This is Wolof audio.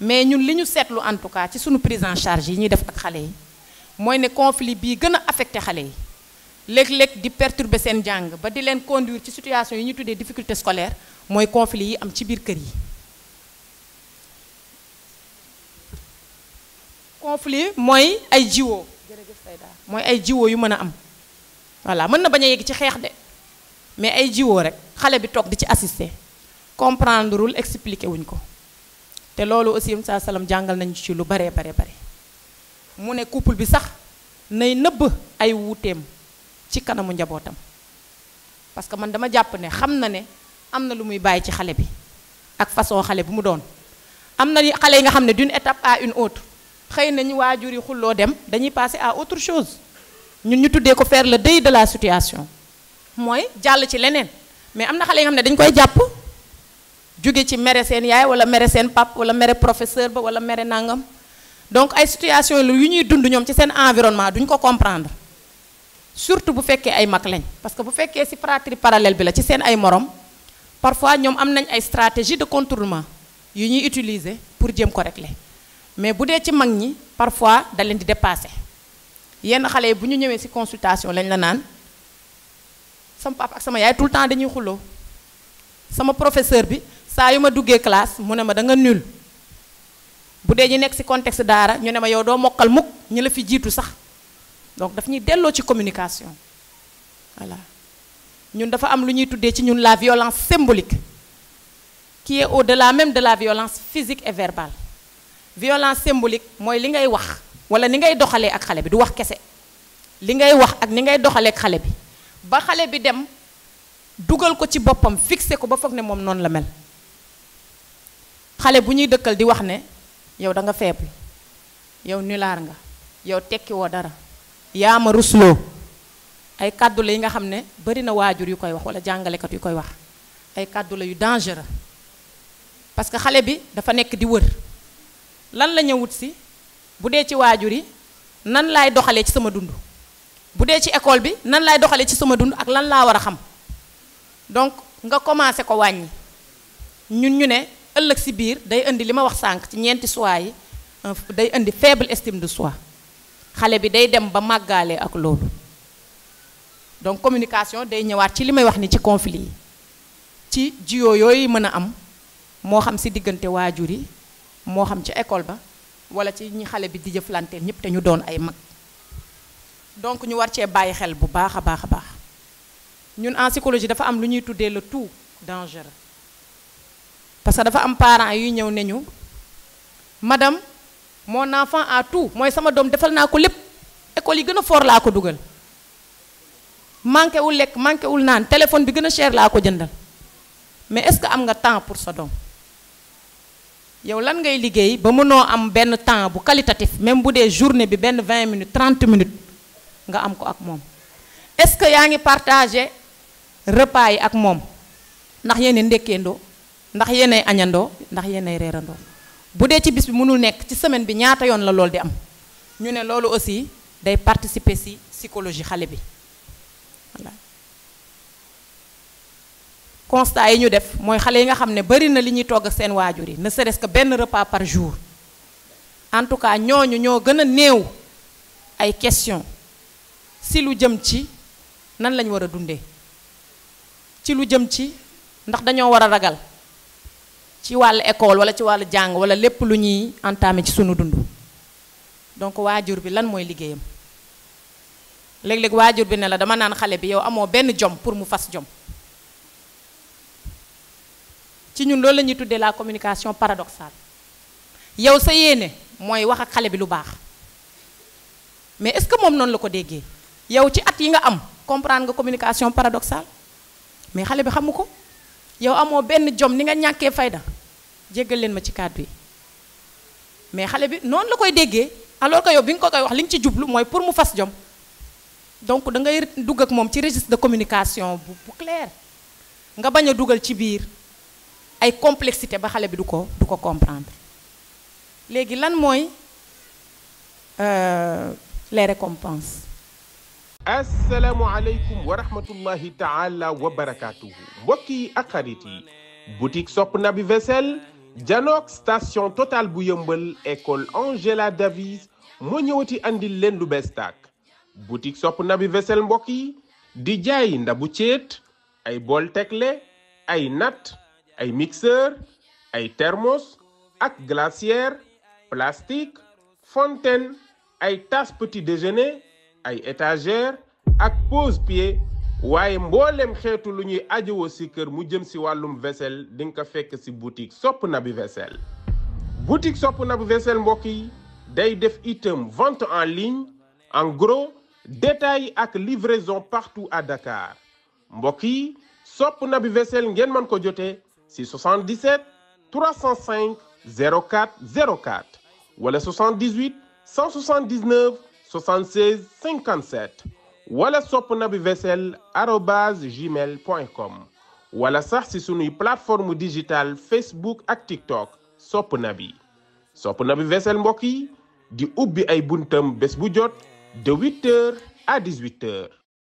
mais ñun li ñu seetlu en tout cas ci suñu prise en charge yi ñuy def ak xale yi mooy ne conflit bii gën a affecté xale yi léeg-léeg di perturber seen jàng ba di leen conduire ci situation yi ñuy tuddee difficulté scolaire mooy conflit yi am ci biir kër yi conflit mooy ay jiwoo mooy ay jiwoo yu mën a am voilà mën na bañ a yegg ci xeex de mais ay jiwoo rek xale bi toog di ci assister comprendrewul expliqué wuñ ko te loolu aussi yam saa salaam jàngal nañu ci lu baree bare bare mu ne couple bi sax nay nëbb ay wuuteem ci kanamu njabootam parce que man dama jàpp ne xam na ne am na lu muy bàyyi ci xale bi ak façon xale bi mu doon am na xale yi nga xam ne d'une étape à une autre xëy nañu waajur yi xulloo dem dañuy passer à autre chose ñun ñu tuddee ko faire le deuil de la situation mooy jàll ci leneen mais am na xale yi nga xam ne dañu koy jàpp djugé ci mere seen yaay wala mere seen pap wala mere professeur ba wala mere nangam donc ay situation la ñuy dund ñom ci sen environnement duñ ko comprendre surtout bu féké ay mak lañ parce que bu féké ci fratrie parallèle bi la ci sen ay morom parfois ñom am nañ ay stratégie de contournement yu ñuy utiliser pour jéem ko régler mais bu dé ci mag ñi parfois da leen di dépasser yenn xalé bu ñu ñëwé ci consultation lañ la naan sama papa ak sama yaay tout le temps dañuy xullo sama professeur bi saa yu ma duggee classe mu ne ma da nga nul bu dee ñu nekk si contexte daara ñu ne ma yow doo mokkal mukk ñu la fi jiitu sax donc daf ñuy delloo ci communication voilà ñun dafa am lu ñuy tuddee ci ñun la violence symbolique qui est au delà même de la violence physique et verbale violence symbolique mooy li ngay wax wala ni ngay doxalee ak xale bi du wax kese li ngay wax ak ni ngay doxalee ak xale bi ba xale bi dem dugal ko ci boppam fixé ko ba foog ne moom noonu la mel xale bu ñuy dëkkal di wax ne yow da nga faible yow nulaar nga yow tekki woo dara yaa ma rusloo ay kàddu la yi nga xam ne bari na waajur yu koy wax wala jàngalekat yu koy wax ay kàddu la yu dangereux parce que xale bi dafa nekk di wër lan la ñëwut si bu dee ci waajur yi nan laay doxalee ci sama dund bu dee ci école bi nan laay doxalee ci sama dund ak lan laa war a xam donc nga commencé ko wàññi ñun ñu ne ëllëg si biir day indi li ma wax sànq ci ñeenti soi yi day indi faible estime de soi xale bi day dem ba màggaale ak loolu donc communication day ñëwaat ci li may wax ni ci conflit yi ci jiyoo yooyu mën a am moo xam si diggante waajur yi moo xam ci école ba wala ci ñi xale bi di jëflanteel ñëpp te ñu doon ay mag donc ñu war cee bàyyi xel bu baax a baax a baax ñun en psychologie dafa am lu ñuy tuddee le tout dangereux parce que dafa am parents yu madame mon enfant a tout moy sama dom defal nako lepp école yi gëna a la ko duggal manké wul wul téléphone bi gëna cher la ko mais est-ce que am nga temps pour sa dom yow lan ngay liggéey ba am temps qualitatif même bu une journée bi 20 minutes 30 minutes nga am ko ak est-ce que yaa ngi le repas yi ak N'a ndax yéen ndax yéenay añandoo ndax yéenay reerandoo bu dee ci bis bi mënul nekk ci semaine bi ñaata yoon la loolu di am ñu ne loolu aussi day participer ci psychologie xale bi voilà constat yi ñu def mooy xale yi nga xam ne bari na li ñuy togg ak seen waajur yi ne serait-ce que benn repas par jour en tout cas ñooñu ñoo gën a néew ay question si lu jëm ci nan lañ war a dundee ci lu jëm ci ndax dañoo war a ragal ci wàllu école walla ci wàllu jàng wala lépp lu ñuy entamé ci suñu dund donc waajur bi lan mooy liggéeyam léeg-léeg waajur bi ne la dama naan xale bi yow amoo benn jom pour mu fas jom ci ñun loolu la ñuy tuddee la communication paradoxale yow sa yéene mooy wax ak xale bi lu baax mais est-ce que moom noonu la ko déggee yow ci at yi nga am comprendre nga communication paradoxale mais xale bi xamu ko. yow amoo benn jom ni nga ñàkkee fayda jéggal leen ma ci kàddu bi mais xale bi noonu la koy déggee alors que yow bi nga ko koy wax li ci jublu mooy pour mu fas jom donc da ngay dugg ak moom ci registre de communication bu bu clair nga bañ a dugal ci biir ay complexité ba xale bi du ko du ko comprendre léegi lan mooy euh, les récompenses assalamu wa rahmatullahi taala wa barakatuh. mbokki akhariti boutique sop nabi station Total bu Ecole école Angela Davis Mounioti ñewati andil lu boutique sop nabi vaisselle di jaay ndabu ay ay nat ay mixeur ay thermos ak glacière plastique fontaine ay tasse petit déjeuner ay étagère ak pose-pied waye mbollem xétu luñuy ñuy ajowoo ci kër mu jëm ci walum vaisselle ding nga ko fekk ci boutique sopp vaisselle boutique sopp vaisselle mbokk yi day def vente en ligne en gros détail ak livraison partout à Dakar mbokk yi sopp na bi vaisselle ngeen man ko joté ci 77 305 04 04 wala 78 179 76 57 wala sopp nabi vaisselle plateforme digitale facebook et tiktok Soponabi nabi Vessel Moki, du di de 8 h à 18 h